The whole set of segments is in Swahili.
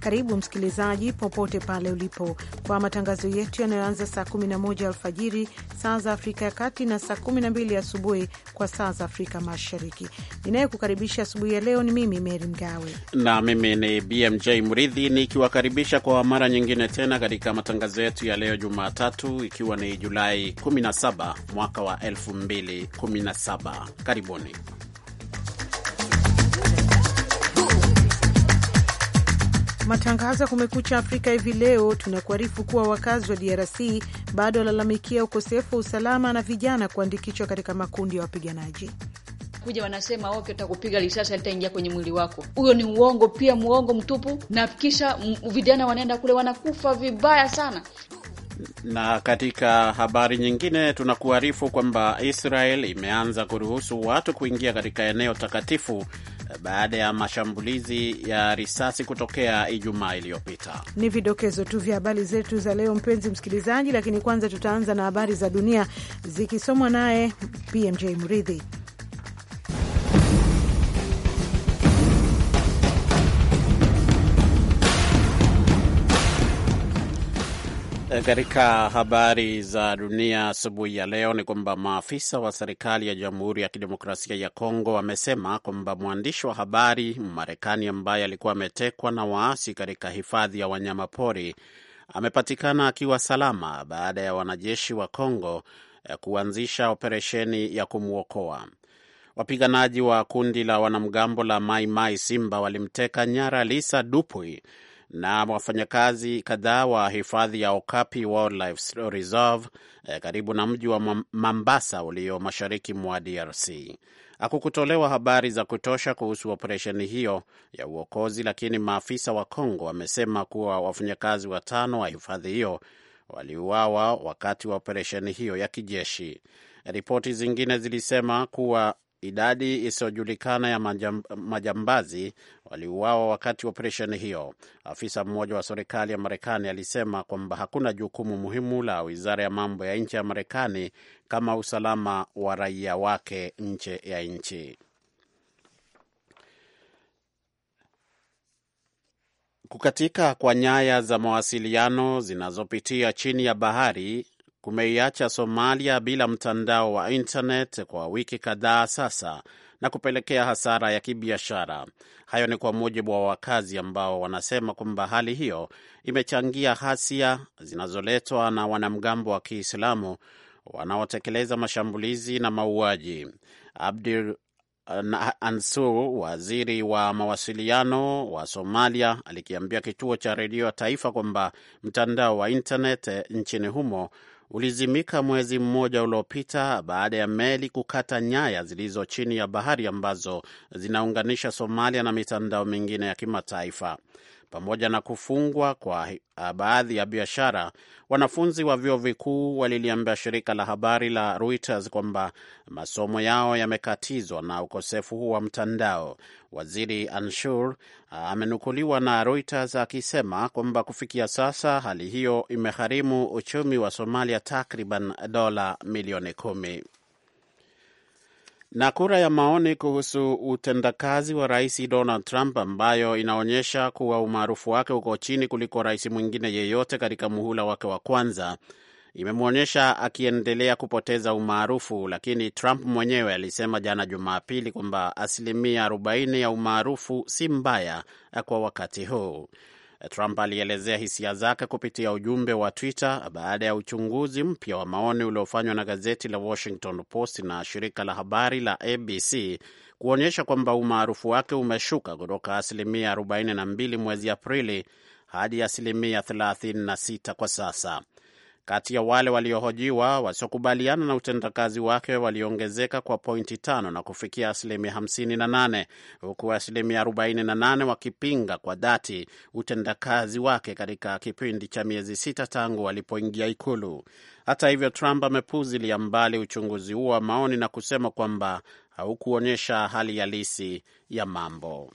Karibu msikilizaji, popote pale ulipo, kwa matangazo yetu yanayoanza saa 11 alfajiri saa za Afrika ya Kati na saa 12 asubuhi kwa saa za Afrika Mashariki. Ninayekukaribisha asubuhi ya leo ni mimi Meri Mgawe na mimi ni BMJ Mridhi, nikiwakaribisha kwa mara nyingine tena katika matangazo yetu ya leo Jumatatu, ikiwa ni Julai 17 mwaka wa 2017. Karibuni. Matangazo ya Kumekucha Afrika hivi leo tunakuarifu kuwa wakazi wa DRC bado walalamikia ukosefu wa usalama na vijana kuandikishwa katika makundi ya wa wapiganaji kuja wanasema okay, utakupiga risasi litaingia kwenye mwili wako. Huyo ni uongo pia, mwongo mtupu, na kisha vijana wanaenda kule wanakufa vibaya sana. Na katika habari nyingine, tunakuarifu kwamba Israel imeanza kuruhusu watu kuingia katika eneo takatifu baada ya mashambulizi ya risasi kutokea Ijumaa iliyopita. Ni vidokezo tu vya habari zetu za leo, mpenzi msikilizaji, lakini kwanza tutaanza na habari za dunia zikisomwa naye BMJ Mridhi. Eh, katika habari za dunia asubuhi ya leo ni kwamba maafisa wa serikali ya Jamhuri ya Kidemokrasia ya Kongo wamesema kwamba mwandishi wa habari Mmarekani ambaye alikuwa ametekwa na waasi katika hifadhi ya wanyamapori amepatikana akiwa salama baada ya wanajeshi wa Kongo eh, kuanzisha operesheni ya kumwokoa. Wapiganaji wa kundi la wanamgambo la Mai Mai Simba walimteka nyara Lisa Dupui na wafanyakazi kadhaa wa hifadhi ya Okapi Wildlife Reserve eh, karibu na mji wa Mambasa ulio mashariki mwa DRC. Hakukutolewa habari za kutosha kuhusu operesheni hiyo ya uokozi, lakini maafisa wa Kongo wamesema kuwa wafanyakazi watano wa hifadhi hiyo waliuawa wakati wa operesheni hiyo ya kijeshi. Ripoti zingine zilisema kuwa idadi isiyojulikana ya majambazi waliuawa wakati wa operesheni hiyo. Afisa mmoja wa serikali ya Marekani alisema kwamba hakuna jukumu muhimu la wizara ya mambo ya nje ya Marekani kama usalama wa raia wake nje ya nchi. Kukatika kwa nyaya za mawasiliano zinazopitia chini ya bahari kumeiacha Somalia bila mtandao wa internet kwa wiki kadhaa sasa, na kupelekea hasara ya kibiashara. Hayo ni kwa mujibu wa wakazi ambao wanasema kwamba hali hiyo imechangia hasia zinazoletwa na wanamgambo wa Kiislamu wanaotekeleza mashambulizi na mauaji. Abdul Ansur, waziri wa mawasiliano wa Somalia, alikiambia kituo cha redio ya taifa kwamba mtandao wa intanet nchini humo ulizimika mwezi mmoja uliopita baada ya meli kukata nyaya zilizo chini ya bahari ambazo zinaunganisha Somalia na mitandao mingine ya kimataifa pamoja na kufungwa kwa baadhi ya biashara, wanafunzi wa vyuo vikuu waliliambia shirika la habari la Reuters kwamba masomo yao yamekatizwa na ukosefu huu wa mtandao. Waziri Anshur amenukuliwa na Reuters akisema kwamba kufikia sasa hali hiyo imegharimu uchumi wa Somalia takriban dola milioni kumi. Na kura ya maoni kuhusu utendakazi wa rais Donald Trump ambayo inaonyesha kuwa umaarufu wake uko chini kuliko rais mwingine yeyote katika muhula wake wa kwanza imemwonyesha akiendelea kupoteza umaarufu, lakini Trump mwenyewe alisema jana Jumapili kwamba asilimia 40 ya umaarufu si mbaya kwa wakati huu. Trump alielezea hisia zake kupitia ujumbe wa Twitter baada ya uchunguzi mpya wa maoni uliofanywa na gazeti la Washington Post na shirika la habari la ABC kuonyesha kwamba umaarufu wake umeshuka kutoka asilimia 42 mwezi Aprili hadi asilimia 36 kwa sasa. Kati ya wale waliohojiwa wasiokubaliana na utendakazi wake waliongezeka kwa pointi tano na kufikia asilimia 58 huku asilimia 48 wakipinga kwa dhati utendakazi wake katika kipindi cha miezi sita tangu walipoingia Ikulu. Hata hivyo, Trump amepuzilia mbali uchunguzi huo wa maoni na kusema kwamba haukuonyesha hali halisi ya mambo.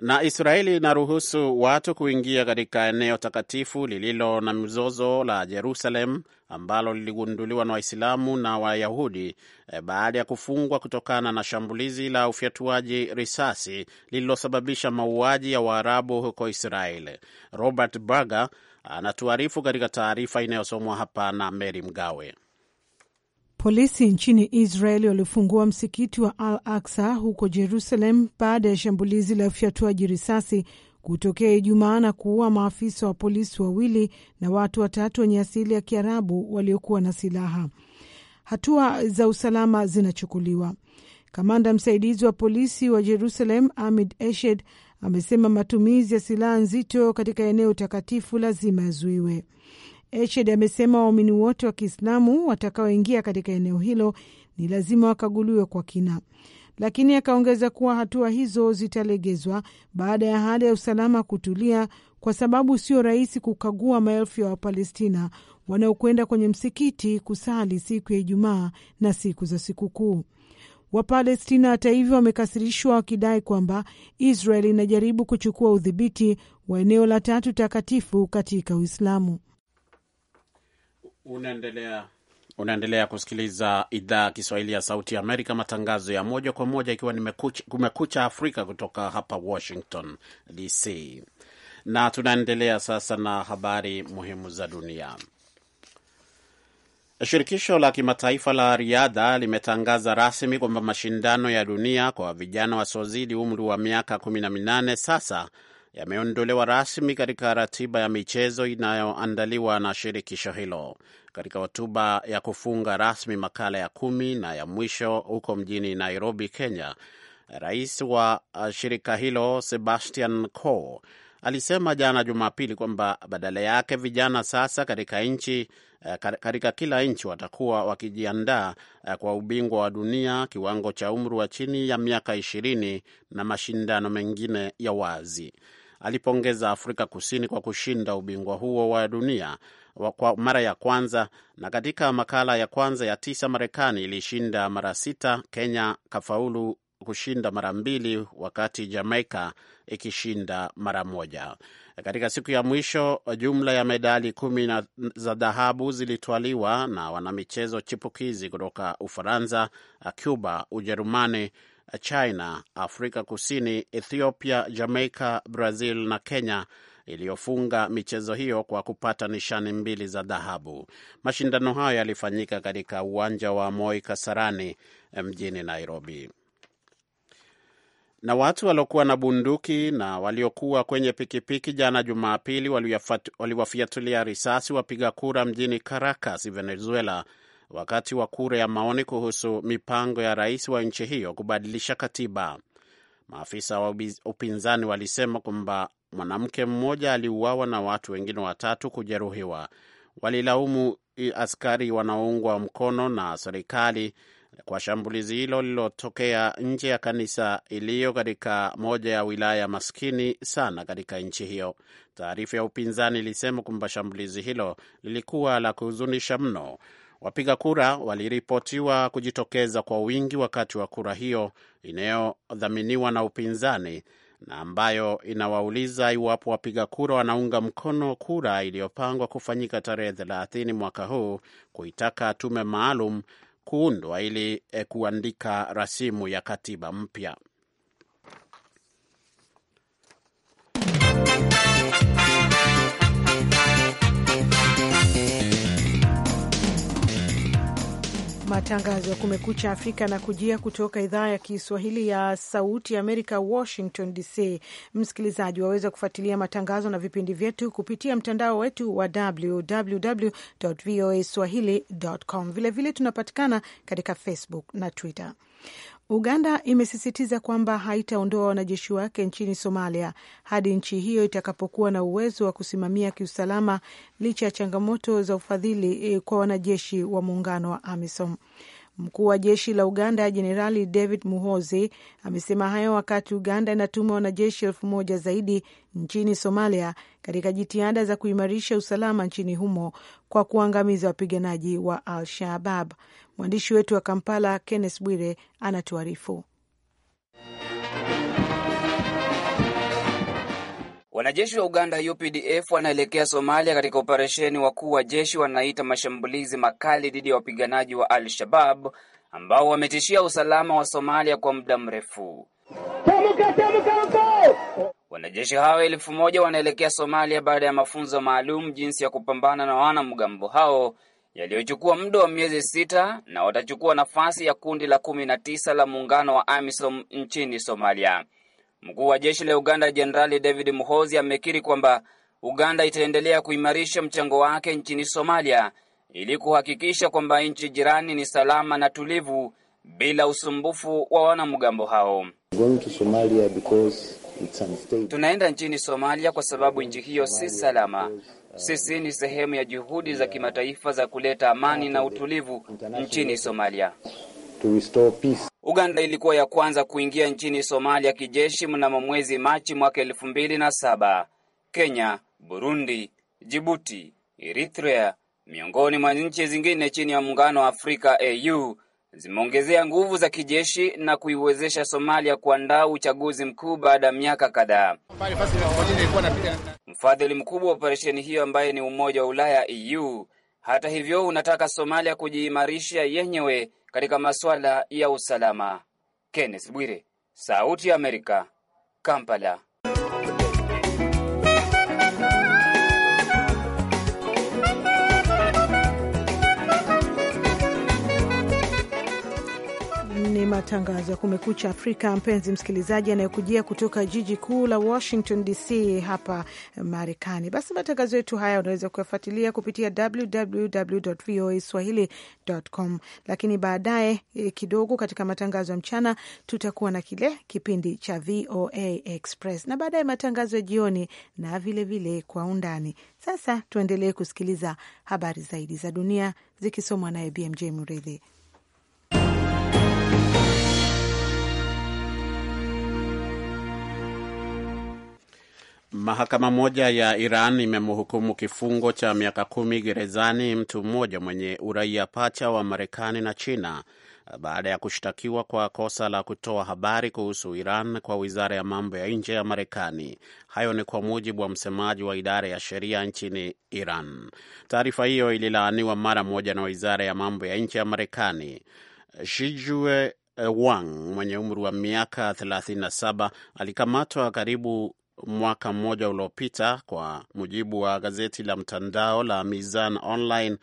Na Israeli inaruhusu watu kuingia katika eneo takatifu lililo na mzozo la Jerusalem ambalo liligunduliwa na Waislamu na Wayahudi e, baada ya kufungwa kutokana na shambulizi la ufyatuaji risasi lililosababisha mauaji ya Waarabu huko Israeli. Robert Berger anatuarifu katika taarifa inayosomwa hapa na Mary Mgawe. Polisi nchini Israel walifungua msikiti wa Al Aksa huko Jerusalem baada ya shambulizi la ufyatuaji risasi kutokea Ijumaa na kuua maafisa wa polisi wawili na watu watatu wenye asili ya Kiarabu waliokuwa na silaha. Hatua za usalama zinachukuliwa. Kamanda msaidizi wa polisi wa Jerusalem Amid Eshed amesema matumizi ya silaha nzito katika eneo takatifu lazima yazuiwe. Eshed amesema waumini wote wa Kiislamu watakaoingia katika eneo hilo ni lazima wakaguliwe kwa kina, lakini akaongeza kuwa hatua hizo zitalegezwa baada ya hali ya usalama kutulia, kwa sababu sio rahisi kukagua maelfu ya Wapalestina wanaokwenda kwenye msikiti kusali siku ya Ijumaa na siku za sikukuu. Wapalestina hata hivyo wamekasirishwa wakidai kwamba Israel inajaribu kuchukua udhibiti wa eneo la tatu takatifu katika Uislamu. Unaendelea unaendelea kusikiliza idhaa ya Kiswahili ya Sauti ya Amerika, matangazo ya moja kwa moja ikiwa ni Kumekucha Afrika kutoka hapa Washington DC, na tunaendelea sasa na habari muhimu za dunia. Shirikisho la kimataifa la riadha limetangaza rasmi kwamba mashindano ya dunia kwa vijana wasiozidi umri wa miaka kumi na minane sasa yameondolewa rasmi katika ratiba ya michezo inayoandaliwa na shirikisho hilo. Katika hotuba ya kufunga rasmi makala ya kumi na ya mwisho huko mjini Nairobi, Kenya, rais wa uh, shirika hilo Sebastian Coe alisema jana Jumapili kwamba badala yake vijana sasa katika nchi uh, katika kila nchi watakuwa wakijiandaa uh, kwa ubingwa wa dunia, kiwango cha umri wa chini ya miaka ishirini na mashindano mengine ya wazi alipongeza Afrika Kusini kwa kushinda ubingwa huo wa dunia kwa mara ya kwanza. Na katika makala ya kwanza ya tisa, Marekani ilishinda mara sita, Kenya kafaulu kushinda mara mbili, wakati Jamaica ikishinda mara moja. Katika siku ya mwisho, jumla ya medali kumi za dhahabu zilitwaliwa na wanamichezo chipukizi kutoka Ufaransa, Cuba, Ujerumani, China, Afrika Kusini, Ethiopia, Jamaica, Brazil na Kenya iliyofunga michezo hiyo kwa kupata nishani mbili za dhahabu. Mashindano hayo yalifanyika katika uwanja wa Moi Kasarani eh, mjini Nairobi. Na watu waliokuwa na bunduki na waliokuwa kwenye pikipiki jana Jumapili waliwafiatulia risasi wapiga kura mjini Caracas, Venezuela wakati wa kura ya maoni kuhusu mipango ya rais wa nchi hiyo kubadilisha katiba. Maafisa wa upinzani walisema kwamba mwanamke mmoja aliuawa na watu wengine watatu kujeruhiwa. Walilaumu askari wanaoungwa mkono na serikali kwa shambulizi hilo lililotokea nje ya kanisa iliyo katika moja ya wilaya maskini sana katika nchi hiyo. Taarifa ya upinzani ilisema kwamba shambulizi hilo lilikuwa la kuhuzunisha mno, Wapiga kura waliripotiwa kujitokeza kwa wingi wakati wa kura hiyo inayodhaminiwa na upinzani na ambayo inawauliza iwapo wapiga kura wanaunga mkono kura iliyopangwa kufanyika tarehe thelathini mwaka huu kuitaka tume maalum kuundwa ili eh, kuandika rasimu ya katiba mpya. Matangazo ya Kumekucha Afrika na kujia kutoka idhaa ya Kiswahili ya Sauti ya Amerika, Washington DC. Msikilizaji, waweza kufuatilia matangazo na vipindi vyetu kupitia mtandao wetu wa www voa swahili com. Vilevile tunapatikana katika Facebook na Twitter. Uganda imesisitiza kwamba haitaondoa wanajeshi wake nchini Somalia hadi nchi hiyo itakapokuwa na uwezo wa kusimamia kiusalama licha ya changamoto za ufadhili eh, kwa wanajeshi wa muungano wa AMISOM. Mkuu wa jeshi la Uganda Jenerali David Muhozi amesema hayo wakati Uganda inatuma wanajeshi elfu moja zaidi nchini Somalia katika jitihada za kuimarisha usalama nchini humo kwa kuangamiza wapiganaji wa Al Shabaab. Mwandishi wetu wa Kampala, Kenneth Bwire, anatuarifu. Wanajeshi wa Uganda UPDF wanaelekea Somalia katika operesheni. Wakuu wa jeshi wanaita mashambulizi makali dhidi ya wapiganaji wa Al-Shabab ambao wametishia usalama wa Somalia kwa muda mrefu. Wanajeshi hao elfu moja wanaelekea Somalia baada ya mafunzo maalum jinsi ya kupambana na wanamgambo hao yaliyochukua muda wa miezi sita na watachukua nafasi ya kundi la kumi na tisa la muungano wa AMISOM nchini Somalia. Mkuu wa jeshi la Uganda Jenerali David Muhozi amekiri kwamba Uganda itaendelea kuimarisha mchango wake nchini Somalia ili kuhakikisha kwamba nchi jirani ni salama na tulivu bila usumbufu wa wanamgambo hao. Tunaenda nchini Somalia kwa sababu nchi hiyo si salama. Sisi ni sehemu ya juhudi za kimataifa za kuleta amani ah, na utulivu nchini Somalia. Uganda ilikuwa ya kwanza kuingia nchini Somalia kijeshi mnamo mwezi Machi mwaka elfu mbili na saba. Kenya, Burundi, Jibuti, Eritrea miongoni mwa nchi zingine chini ya muungano wa Afrika AU zimeongezea nguvu za kijeshi na kuiwezesha Somalia kuandaa uchaguzi mkuu baada ya miaka kadhaa. Mfadhili mkubwa wa operesheni hiyo ambaye ni Umoja wa Ulaya EU, hata hivyo, unataka Somalia kujiimarisha yenyewe katika masuala ya usalama. Kenneth Bwire, Sauti ya Amerika, Kampala. matangazo ya Kumekucha Afrika, mpenzi msikilizaji, anayekujia kutoka jiji kuu la Washington DC hapa Marekani. Basi matangazo yetu haya unaweza kuyafuatilia kupitia www voa swahili.com, lakini baadaye eh, kidogo katika matangazo ya mchana tutakuwa na kile kipindi cha VOA Express na baadaye matangazo ya jioni na vilevile vile kwa undani. Sasa tuendelee kusikiliza habari zaidi za dunia zikisomwa naye BMJ Mridhi. Mahakama moja ya Iran imemhukumu kifungo cha miaka kumi gerezani mtu mmoja mwenye uraia pacha wa Marekani na China baada ya kushtakiwa kwa kosa la kutoa habari kuhusu Iran kwa wizara ya mambo ya nje ya Marekani. Hayo ni kwa mujibu wa msemaji wa idara ya sheria nchini Iran. Taarifa hiyo ililaaniwa mara moja na wizara ya mambo ya nje ya Marekani. Shijue eh, Wang mwenye umri wa miaka 37 alikamatwa karibu mwaka mmoja uliopita, kwa mujibu wa gazeti la mtandao la Mizan Online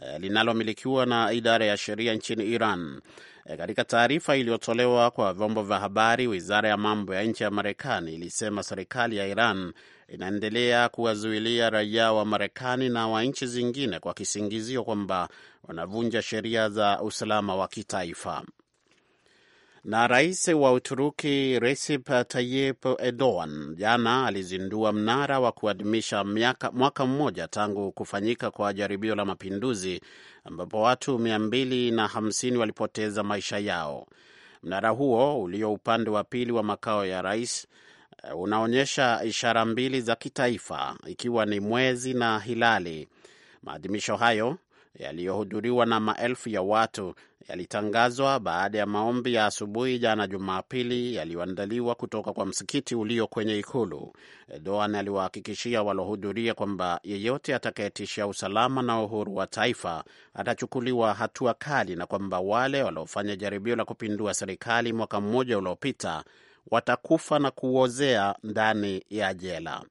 eh, linalomilikiwa na idara ya sheria nchini Iran. Eh, katika taarifa iliyotolewa kwa vyombo vya habari, wizara ya mambo ya nje ya Marekani ilisema serikali ya Iran inaendelea kuwazuilia raia wa Marekani na wa nchi zingine kwa kisingizio kwamba wanavunja sheria za usalama wa kitaifa. Na rais wa Uturuki Recep Tayyip Erdogan jana alizindua mnara wa kuadhimisha mwaka mmoja tangu kufanyika kwa jaribio la mapinduzi ambapo watu 250 walipoteza maisha yao. Mnara huo ulio upande wa pili wa makao ya rais eh, unaonyesha ishara mbili za kitaifa ikiwa ni mwezi na hilali. Maadhimisho hayo yaliyohudhuriwa na maelfu ya watu yalitangazwa baada ya maombi ya asubuhi jana Jumapili yaliyoandaliwa kutoka kwa msikiti ulio kwenye ikulu. Erdogan aliwahakikishia walohudhuria kwamba yeyote atakayetishia usalama na uhuru wa taifa atachukuliwa hatua kali, na kwamba wale waliofanya jaribio la kupindua serikali mwaka mmoja uliopita watakufa na kuozea ndani ya jela.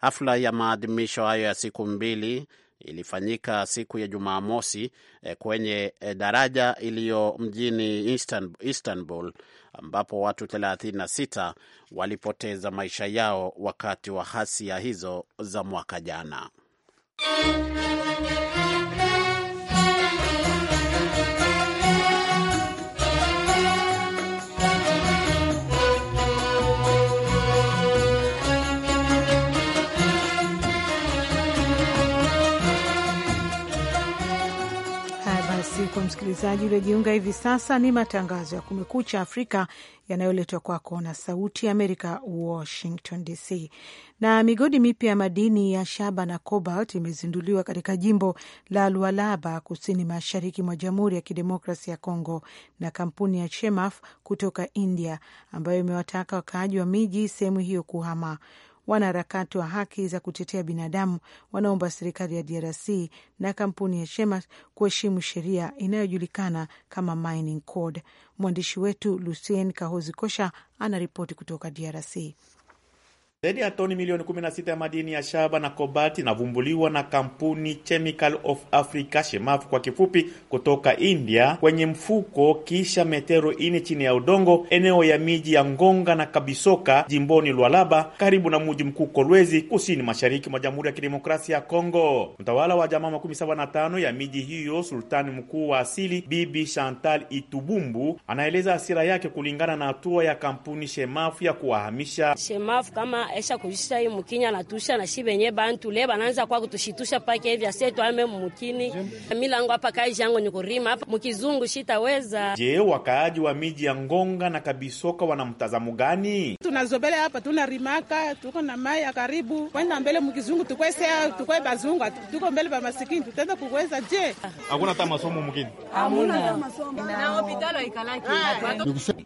Hafla ya maadhimisho hayo ya siku mbili ilifanyika siku ya Jumamosi eh, kwenye eh, daraja iliyo mjini Istanbul ambapo watu 36 walipoteza maisha yao wakati wa hasia hizo za mwaka jana. kwa msikilizaji uliojiunga hivi sasa, ni matangazo ya Kumekucha Afrika yanayoletwa kwako na Sauti ya Amerika, Washington DC. Na migodi mipya ya madini ya shaba na cobalt imezinduliwa katika jimbo la Lualaba, kusini mashariki mwa Jamhuri ya Kidemokrasi ya Congo na kampuni ya Chemaf kutoka India, ambayo imewataka wakaaji wa miji sehemu hiyo kuhama. Wanaharakati wa haki za kutetea binadamu wanaomba serikali ya DRC na kampuni ya Shemart kuheshimu sheria inayojulikana kama Mining Code. Mwandishi wetu Lucien Kahozi Kosha anaripoti kutoka DRC. Zaidi ya toni milioni 16 ya madini ya shaba na kobati inavumbuliwa na kampuni Chemical of Africa Shemaf kwa kifupi, kutoka India kwenye mfuko kisha metero ine chini ya udongo, eneo ya miji ya Ngonga na Kabisoka jimboni Lwalaba karibu na muji mkuu Kolwezi, kusini mashariki mwa Jamhuri ya Kidemokrasia ya Kongo. Mtawala wa jamaa makumi saba na tano ya miji hiyo, sultani mkuu wa asili Bibi Chantal Itubumbu anaeleza hasira yake kulingana na hatua ya kampuni Shemaf ya kuwahamisha Shemaf kama na esha kuisha hii mukinya natusha na shi benye bantu le bananza kwa kutushitusha pake hivi asetu ame mukini milango hapa kaji yangu ni kurima hapa mukizungu shitaweza. Je, wakaaji wa miji ya Ngonga na Kabisoka wana mtazamo gani? Tunazobele hapa tunarimaka, tuko na mai ya karibu kwenda mbele mukizungu, tukwese tukwe bazungu, tuko mbele ba masikini, tutaenda kukweza Je, hakuna hata masomo mukini, hamuna na hospitali ikalaki. Ah.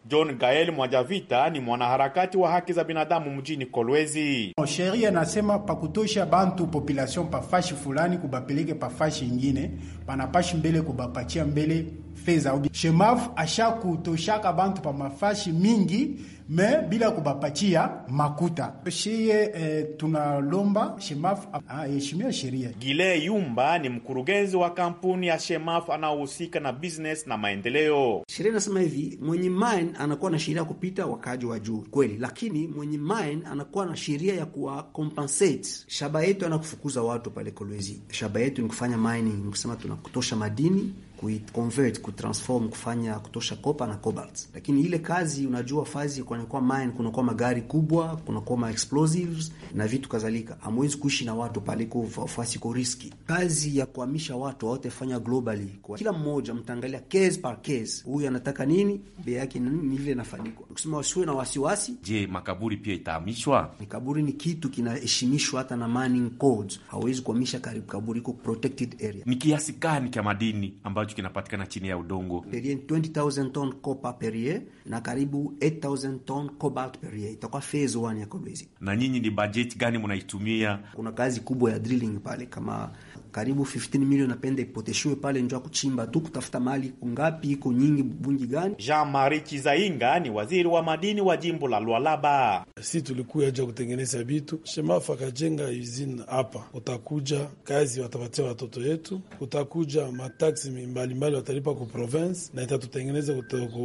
John Gael Mwajavita ni mwanaharakati wa haki za binadamu mjini Kolwezi. Kolwezi. Oh, sheria nasema pakutosha bantu population pafashi fulani kubapeleke pafashi ingine, panapashi mbele kubapachia mbele fedha shemavu ashakutoshaka bantu pa mafashi mingi me bila kubapatia makuta shiye. E, eh, tunalomba shemafu aheshimia sheria. Gile Yumba ni mkurugenzi wa kampuni ya shemaf anaohusika na business na maendeleo. Sheria inasema hivi, mwenye mine anakuwa na sheria ya kupita wakaji wa juu kweli, lakini mwenye mine anakuwa na sheria ya kuwa compensate. Shaba yetu anakufukuza watu pale Kolwezi, shaba yetu ni kufanya mining, kusema tunakutosha madini kuconvert, kutransform, kufanya kutosha copper na cobalt. Lakini ile kazi unajua fazi kunakuwa mine, kunakuwa magari kubwa, kunakuwa ma explosives na vitu kadhalika. Hamwezi kuishi na watu pale kwa fasi kwa riski. Kazi ya kuhamisha watu wote fanya globally. Kwa kila mmoja mtaangalia case per case. Huyu anataka nini? Bei yake ni ile inafanyikwa. Kusema wasiwe na wasiwasi. Je, makaburi pia itahamishwa? Makaburi ni kitu kinaheshimishwa hata na mining codes. Hawezi kuhamisha karibu kaburi iko protected area. Ni kiasi gani cha madini ambacho ambacho kinapatikana chini ya udongo. 20000 ton copper per year na karibu 8000 ton cobalt per year itakuwa phase 1 ya Kobezi. Na nyinyi ni budget gani mnaitumia? Kuna kazi kubwa ya drilling pale kama karibu 15 milioni napenda ipoteshiwe pale njoa kuchimba tu kutafuta mali kungapi iko nyingi bungi gani. Jean Marie Chizainga ni waziri wa madini wa jimbo la Lualaba. Si tulikuya ja kutengeneza vitu shemafa kajenga izin hapa, utakuja kazi watapatia watoto yetu, utakuja mataksi mimba mbalimbali watalipa ku province na itatutengeneza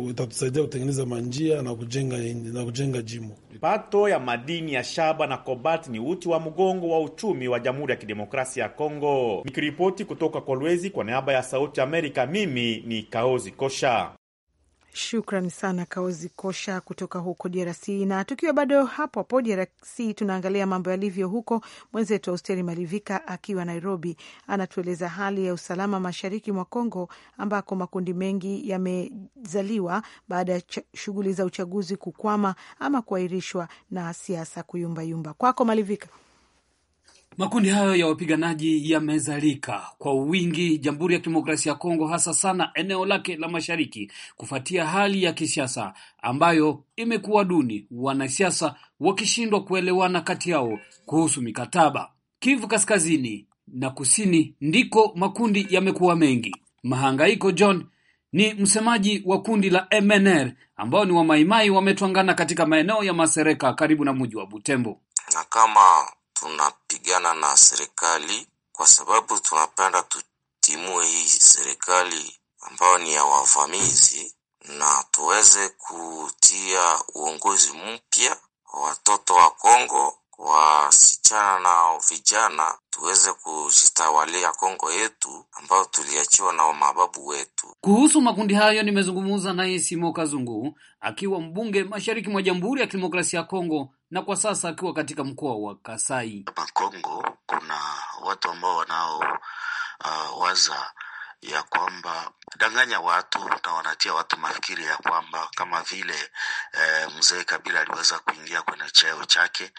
itatusaidia kutengeneza manjia na kujenga, na kujenga jimo. Pato ya madini ya shaba na kobat ni uti wa mgongo wa uchumi wa Jamhuri ya Kidemokrasia ya Kongo. Nikiripoti kutoka Kolwezi kwa niaba ya Sauti Amerika, mimi ni Kaozi Kosha. Shukran sana Kaozi Kosha kutoka huko DRC. Na tukiwa bado hapo hapo DRC, tunaangalia mambo yalivyo huko. Mwenzetu Austeri Malivika akiwa Nairobi anatueleza hali ya usalama mashariki mwa congo ambako makundi mengi yamezaliwa baada ya shughuli za uchaguzi kukwama ama kuahirishwa na siasa kuyumbayumba. Kwako Malivika. Makundi hayo ya wapiganaji yamezalika kwa wingi Jamhuri ya Kidemokrasia ya Kongo, hasa sana eneo lake la mashariki, kufuatia hali ya kisiasa ambayo imekuwa duni, wanasiasa wakishindwa kuelewana kati yao kuhusu mikataba. Kivu Kaskazini na Kusini ndiko makundi yamekuwa mengi. Mahangaiko John ni msemaji wa kundi la MNR ambao ni wamaimai, wametwangana katika maeneo ya Masereka karibu na mji wa Butembo na kama tunapigana na serikali kwa sababu tunapenda tutimue hii serikali ambayo ni ya wavamizi na tuweze kutia uongozi mpya watoto wa Kongo, wasichana na vijana tuweze kujitawalia Kongo yetu ambayo tuliachiwa na mababu wetu. Kuhusu makundi hayo nimezungumza naye Simo Kazungu akiwa mbunge mashariki mwa Jamhuri ya Kidemokrasia ya Kongo na kwa sasa akiwa katika mkoa wa Kasai. Hapa Kongo kuna watu ambao wanao uh, waza ya kwamba danganya watu na wanatia watu mafikiri ya kwamba kama vile eh, mzee Kabila aliweza kuingia kwenye cheo chake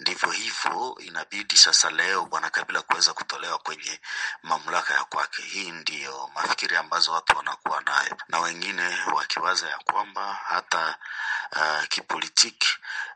Ndivyo hivyo inabidi sasa leo bwana Kabila kuweza kutolewa kwenye mamlaka ya kwake. Hii ndiyo mafikiri ambazo watu wanakuwa nayo, na wengine wakiwaza ya kwamba hata uh, kipolitiki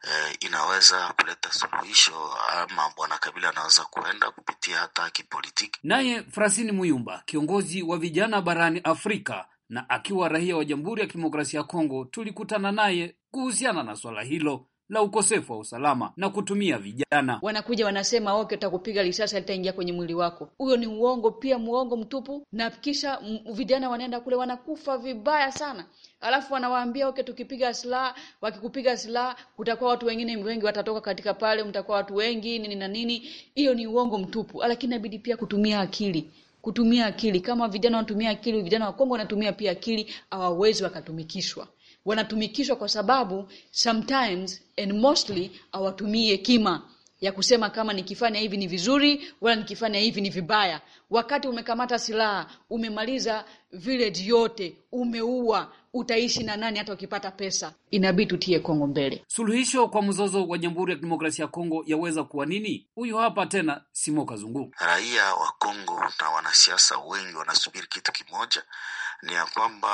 uh, inaweza kuleta suluhisho ama bwana Kabila anaweza kuenda kupitia hata kipolitiki. Naye frasini Muyumba, kiongozi wa vijana barani Afrika na akiwa raia wa Jamhuri ya Kidemokrasia ya Kongo, tulikutana naye kuhusiana na swala hilo la ukosefu wa usalama na kutumia vijana. Wanakuja wanasema okay, utakupiga risasi litaingia kwenye mwili wako. Huyo ni uongo pia, muongo mtupu, na kisha vijana wanaenda kule wanakufa vibaya sana, alafu wanawaambia okay, tukipiga silaha, wakikupiga silaha kutakuwa watu wengine wengi watatoka katika pale, mtakuwa watu wengi nini na nini. Hiyo ni uongo mtupu, lakini inabidi pia kutumia akili kutumia akili. Kama vijana wanatumia akili, vijana wa Kongo wanatumia pia akili, hawawezi wakatumikishwa wanatumikishwa kwa sababu sometimes and mostly hawatumii hekima ya kusema kama nikifanya hivi ni vizuri wala nikifanya hivi ni vibaya wakati umekamata silaha umemaliza village yote umeua, utaishi na nani? Hata ukipata pesa, inabidi tutie Kongo mbele. Suluhisho kwa mzozo wa Jamhuri ya Kidemokrasia ya Kongo yaweza kuwa nini? Huyu hapa tena Simo Kazungu. Raia wa Kongo na wanasiasa wengi wanasubiri kitu kimoja, ni ya kwamba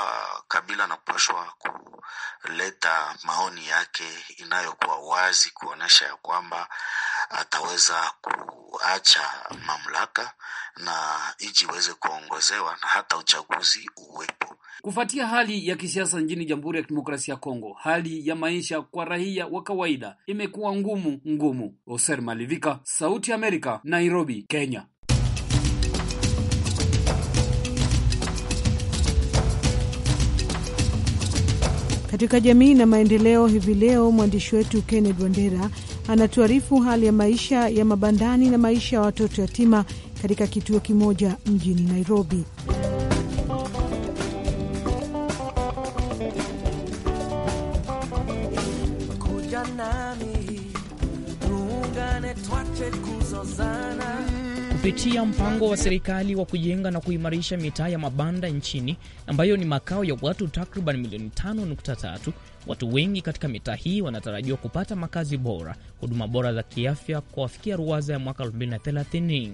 Kabila anapashwa kuleta maoni yake inayokuwa wazi, kuonyesha ya kwamba ataweza kuacha mamlaka na nchi iweze kuongozewa na hata uchaguzi ubaguzi uwepo. Kufuatia hali ya kisiasa nchini Jamhuri ya Kidemokrasia ya Kongo, hali ya maisha kwa raia wa kawaida imekuwa ngumu ngumu. Oser Malivika, Sauti ya Amerika, Nairobi, Kenya. Katika jamii na maendeleo hivi leo, mwandishi wetu Kenneth Wandera anatuarifu hali ya maisha ya mabandani na maisha ya watoto yatima katika kituo kimoja mjini Nairobi. kupitia mpango wa serikali wa kujenga na kuimarisha mitaa ya mabanda nchini ambayo ni makao ya watu takriban milioni 5.3. Watu wengi katika mitaa hii wanatarajiwa kupata makazi bora, huduma bora za kiafya kwa wafikia ruwaza ya mwaka 2030.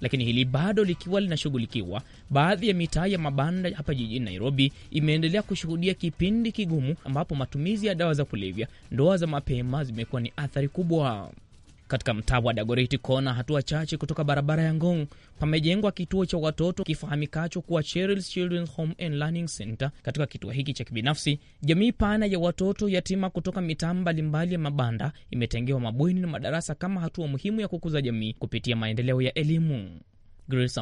Lakini hili bado likiwa linashughulikiwa, baadhi ya mitaa ya mabanda hapa jijini Nairobi imeendelea kushuhudia kipindi kigumu ambapo matumizi ya dawa za kulevya, ndoa za mapema zimekuwa ni athari kubwa. Katika mtaa wa Dagoreti Kona, hatua chache kutoka barabara ya Ngong, pamejengwa kituo cha watoto kifahamikacho kuwa Cheryl's Children's Home and Learning Center. Katika kituo hiki cha kibinafsi, jamii pana ya watoto yatima kutoka mitaa mbalimbali ya mabanda imetengewa mabweni na madarasa kama hatua muhimu ya kukuza jamii kupitia maendeleo ya elimu. Grace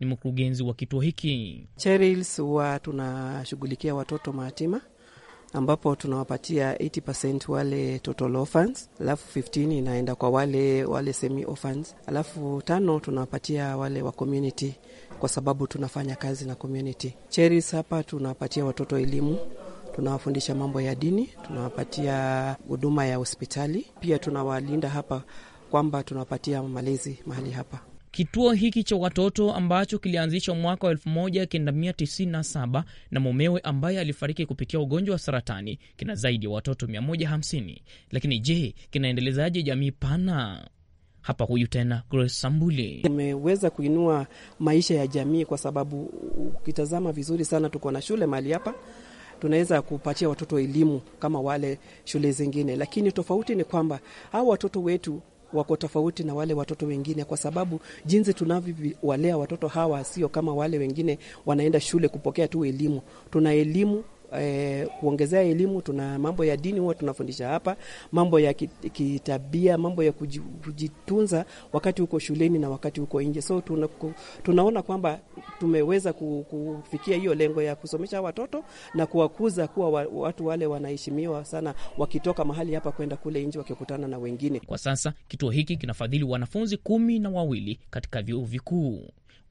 ni mkurugenzi wa kituo hiki. Cheryl's huwa tunashughulikia watoto mayatima ambapo tunawapatia 80% wale total orphans, alafu 15 inaenda kwa wale wale semi orphans, alafu tano tunawapatia wale wa community, kwa sababu tunafanya kazi na community Cheris. Hapa tunawapatia watoto elimu tunawafundisha mambo ya dini, tunawapatia huduma ya hospitali, pia tunawalinda hapa kwamba tunawapatia malezi mahali hapa. Kituo hiki cha watoto ambacho kilianzishwa mwaka wa 1997 na mumewe ambaye alifariki kupitia ugonjwa wa saratani kina zaidi ya watoto 150. Lakini je, kinaendelezaje jamii pana? Hapa huyu tena Grace Sambuli. Imeweza kuinua maisha ya jamii kwa sababu ukitazama vizuri sana, tuko na shule mahali hapa tunaweza kupatia watoto elimu kama wale shule zingine, lakini tofauti ni kwamba hawa watoto wetu wako tofauti na wale watoto wengine, kwa sababu jinsi tunavyowalea watoto hawa sio kama wale wengine wanaenda shule kupokea tu elimu. Tuna elimu eh, kuongezea elimu. Tuna mambo ya dini huwa tunafundisha hapa, mambo ya kitabia, mambo ya kujitunza wakati huko shuleni na wakati huko nje. So tuna, tunaona kwamba tumeweza kufikia hiyo lengo ya kusomesha watoto na kuwakuza kuwa watu wale wanaheshimiwa sana, wakitoka mahali hapa kwenda kule nje, wakikutana na wengine. Kwa sasa kituo hiki kinafadhili wanafunzi kumi na wawili katika vyuo vikuu.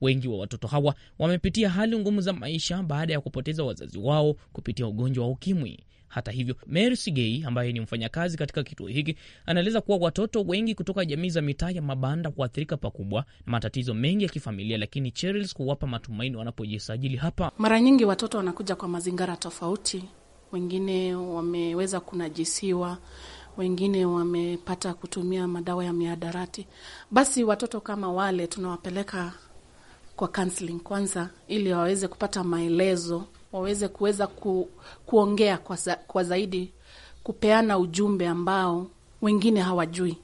Wengi wa watoto hawa wamepitia hali ngumu za maisha baada ya kupoteza wazazi wao kupitia ugonjwa wa ukimwi. Hata hivyo, Mary Sigei ambaye ni mfanyakazi katika kituo hiki anaeleza kuwa watoto wengi kutoka jamii za mitaa ya mabanda huathirika pakubwa na matatizo mengi ya kifamilia, lakini Cherils huwapa matumaini wanapojisajili hapa. Mara nyingi watoto wanakuja kwa mazingira tofauti, wengine wameweza kunajisiwa, wengine wamepata kutumia madawa ya miadarati. Basi watoto kama wale tunawapeleka kwa counseling kwanza, ili waweze kupata maelezo, waweze kuweza ku, kuongea kwa, za, kwa zaidi kupeana ujumbe ambao wengine hawajui,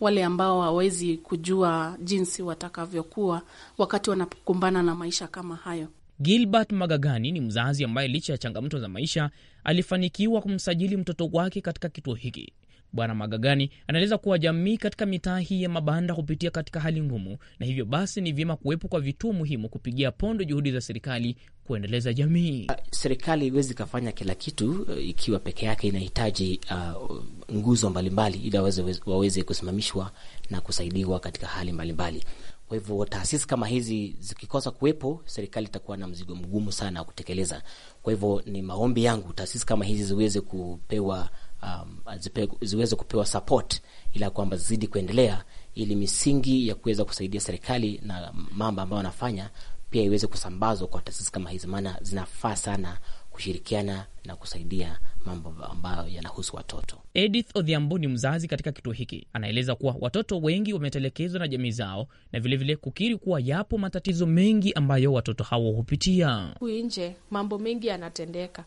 wale ambao hawawezi kujua jinsi watakavyokuwa wakati wanakumbana na maisha kama hayo. Gilbert Magagani ni mzazi ambaye licha ya changamoto za maisha alifanikiwa kumsajili mtoto wake katika kituo hiki. Bwana Magagani anaeleza kuwa jamii katika mitaa hii ya mabanda hupitia katika hali ngumu, na hivyo basi ni vyema kuwepo kwa vituo muhimu kupigia pondo juhudi za serikali kuendeleza jamii. Uh, serikali iwezi ikafanya kila kitu uh, ikiwa peke yake, inahitaji uh, nguzo mbalimbali ili waweze kusimamishwa na kusaidiwa katika hali mbalimbali Kwa hivyo taasisi kama hizi zikikosa kuwepo, serikali itakuwa na mzigo mgumu sana wa kutekeleza. Kwa hivyo ni maombi yangu taasisi kama hizi ziweze kupewa um, zipe, ziweze kupewa support ila kwamba zizidi kuendelea ili misingi ya kuweza kusaidia serikali na mambo ambayo wanafanya pia iweze kusambazwa kwa taasisi kama hizi, maana zinafaa sana kushirikiana na kusaidia mambo ambayo yanahusu watoto. Edith Odhiambo ni mzazi katika kituo hiki, anaeleza kuwa watoto wengi wametelekezwa na jamii zao na vilevile vile kukiri kuwa yapo matatizo mengi ambayo watoto hao hupitia. Huku nje mambo mengi yanatendeka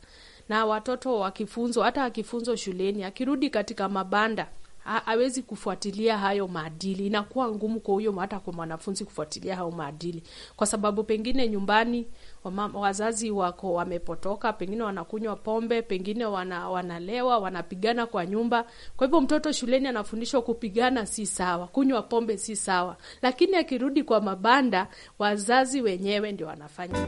na watoto wakifunzwa, hata akifunzwa shuleni, akirudi katika mabanda hawezi kufuatilia hayo maadili. Inakuwa ngumu kwa huyo hata kwa mwanafunzi kufuatilia hayo maadili, kwa sababu pengine nyumbani wazazi wako wamepotoka, pengine wanakunywa pombe, pengine wana, wanalewa, wanapigana kwa nyumba. Kwa hivyo mtoto shuleni anafundishwa kupigana si sawa, kunywa pombe si sawa, lakini akirudi kwa mabanda wazazi wenyewe ndio wanafanya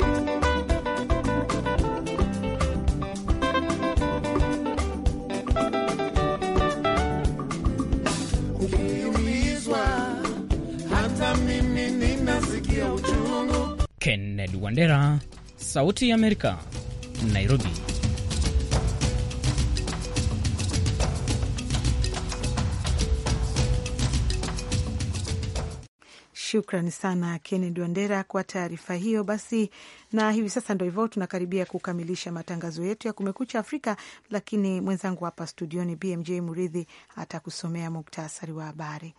Kennedy Wandera, Sauti ya Amerika, Nairobi. Shukrani sana Kennedy Wandera kwa taarifa hiyo. Basi na hivi sasa ndo hivyo, tunakaribia kukamilisha matangazo yetu ya Kumekucha Afrika, lakini mwenzangu hapa studioni BMJ Muridhi atakusomea muktasari wa habari.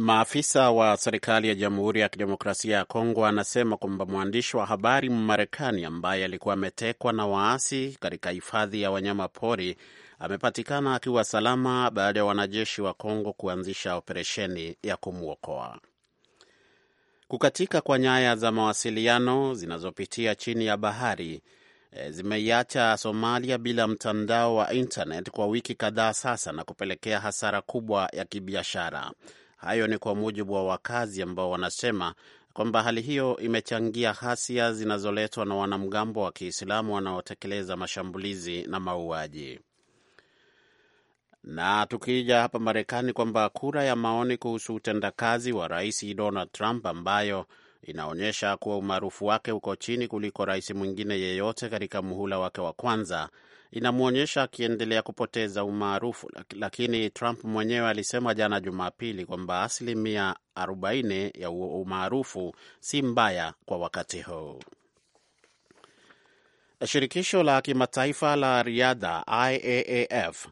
Maafisa wa serikali ya Jamhuri ya Kidemokrasia ya Kongo anasema kwamba mwandishi wa habari Mmarekani ambaye alikuwa ametekwa na waasi katika hifadhi ya wanyama pori amepatikana akiwa salama baada ya wanajeshi wa Kongo kuanzisha operesheni ya kumwokoa. Kukatika kwa nyaya za mawasiliano zinazopitia chini ya bahari eh, zimeiacha Somalia bila mtandao wa internet kwa wiki kadhaa sasa na kupelekea hasara kubwa ya kibiashara. Hayo ni kwa mujibu wa wakazi ambao wanasema kwamba hali hiyo imechangia ghasia zinazoletwa na wanamgambo wa Kiislamu wanaotekeleza mashambulizi na mauaji. Na tukija hapa Marekani, kwamba kura ya maoni kuhusu utendakazi wa Rais Donald Trump ambayo inaonyesha kuwa umaarufu wake uko chini kuliko rais mwingine yeyote katika muhula wake wa kwanza inamwonyesha akiendelea kupoteza umaarufu, lakini Trump mwenyewe alisema jana Jumapili kwamba asilimia 40 ya umaarufu si mbaya kwa wakati huu. Shirikisho la kimataifa la riadha IAAF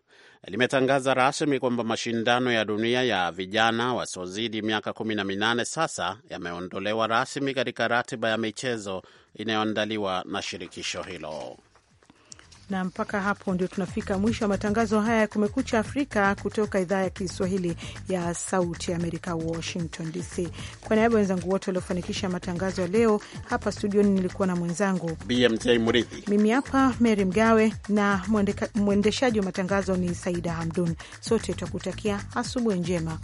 limetangaza rasmi kwamba mashindano ya dunia ya vijana wasiozidi miaka 18 sasa yameondolewa rasmi katika ratiba ya michezo inayoandaliwa na shirikisho hilo na mpaka hapo ndio tunafika mwisho wa matangazo haya ya Kumekucha Afrika kutoka idhaa ya Kiswahili ya Sauti Amerika, Washington DC. Kwa niaba ya wenzangu wote waliofanikisha matangazo ya leo, hapa studioni nilikuwa na mwenzangu BMJ Murithi, mimi hapa Mary Mgawe na mwendeshaji wa matangazo ni Saida Hamdun. Sote twakutakia asubuhi njema.